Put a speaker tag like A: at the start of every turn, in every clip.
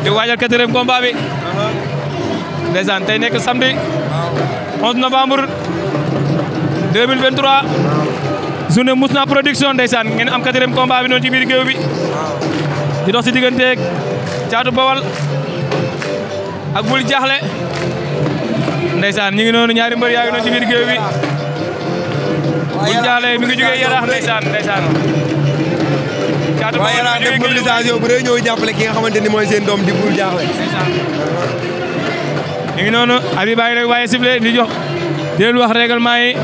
A: di waajal quatrième combat bi ndeysaan tey nekk samedi 11 novembre 2023 journée Mousna production ndeysaan ngeen am quatrième combat bi noonu ci biir géew bi di dox si digganteeg caatu bawal ak bul jaxle ndeysaan ñu ngi noonu ñaari mbër yaa ngi noonu ci biir géew bi bul mi ngi jógee yaraax ndeysaan ndeysaan caatu bawal yaraax def mobilisation bu rëy ñëw jàppale ki nga xamante ni mooy seen doom di bul jaaxle ñu ngi noonu abi bàyyi waaye sifflé di jox di wax règlement yi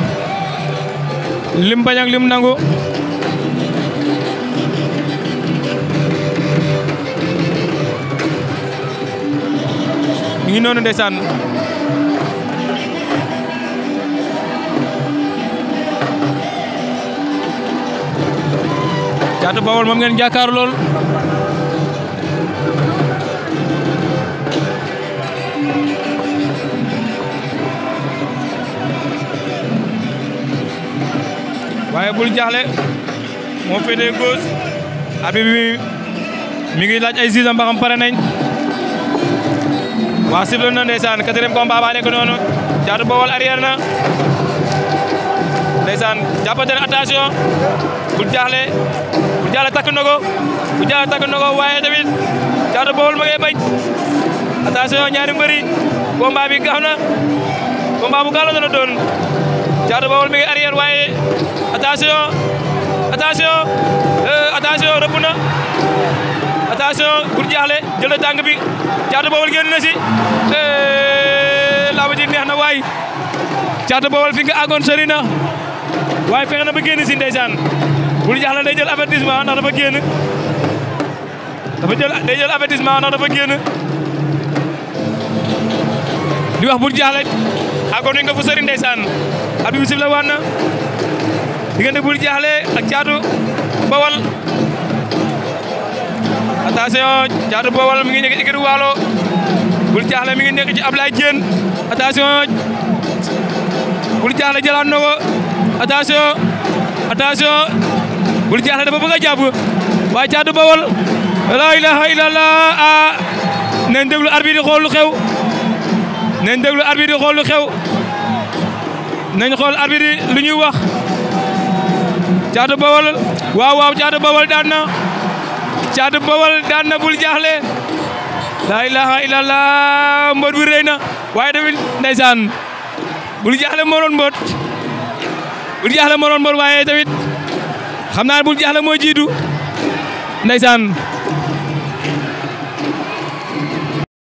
A: lim bañ ak lim nangu mi ngi noonu ndeysaan Caatu Bawol moom ngeen jàkkaar lool waaye bul jaaxle moo féetee gauche abi mi ngi laaj ay sisam ba xam pare nañ waa siffle na ndeysaan quatrième combat baa nekk noonu jaatu bawol arrière na ndeysaan jàppante ne bul jaaxle bul jaaxle takk na ko waaye tamit jaatu bawol ma ngay bañ ñaari mbëri combat bi gaaw na combat bu gaaw doon jaatu bawol mi arrière waaye attention attention euh, attention rëbb na attention Bour Diakhé jël na tàng bi Caatu Bawol génn na si euh, laa ba ji neex na waay Caatu Bawol fi nga àggoon sori na waaye fexe na ba génn si ndeysaan Bour Diakhé day jël avertissement ndax dafa génn dafa jël day jël avertissement ndax dafa génn di wax Bour Diakhé àggoon nga fu sori ndeysaan arbitre bi sifflé diggante Bul Jaxle ak Caatu Bawal attention Caatu Bawal mi ngi nekk ci Waalo Bul Jaxle mi ngi nekk ci Ablaye Diène attention Bul Jaxle jëlaat na ko attention Bul Jaxle dafa bëgg a jàpp Caatu Bawal la ilaha illallah a ah, nañ déglu arbitre di xew nañ déglu arbitre di xew nañ xool arbitre yi lu ñuy wax caatu bawol waaw waaw caatu bawol daan na caatu bawol daan na bul jaaxle laa ilaaha illallah mbot bi rëy na waaye tamit ndeysaan bul jaaxle moo doon mbot bul jaaxle moo mbot waaye tamit xam naa bul jaaxle moo jiitu ndeysaan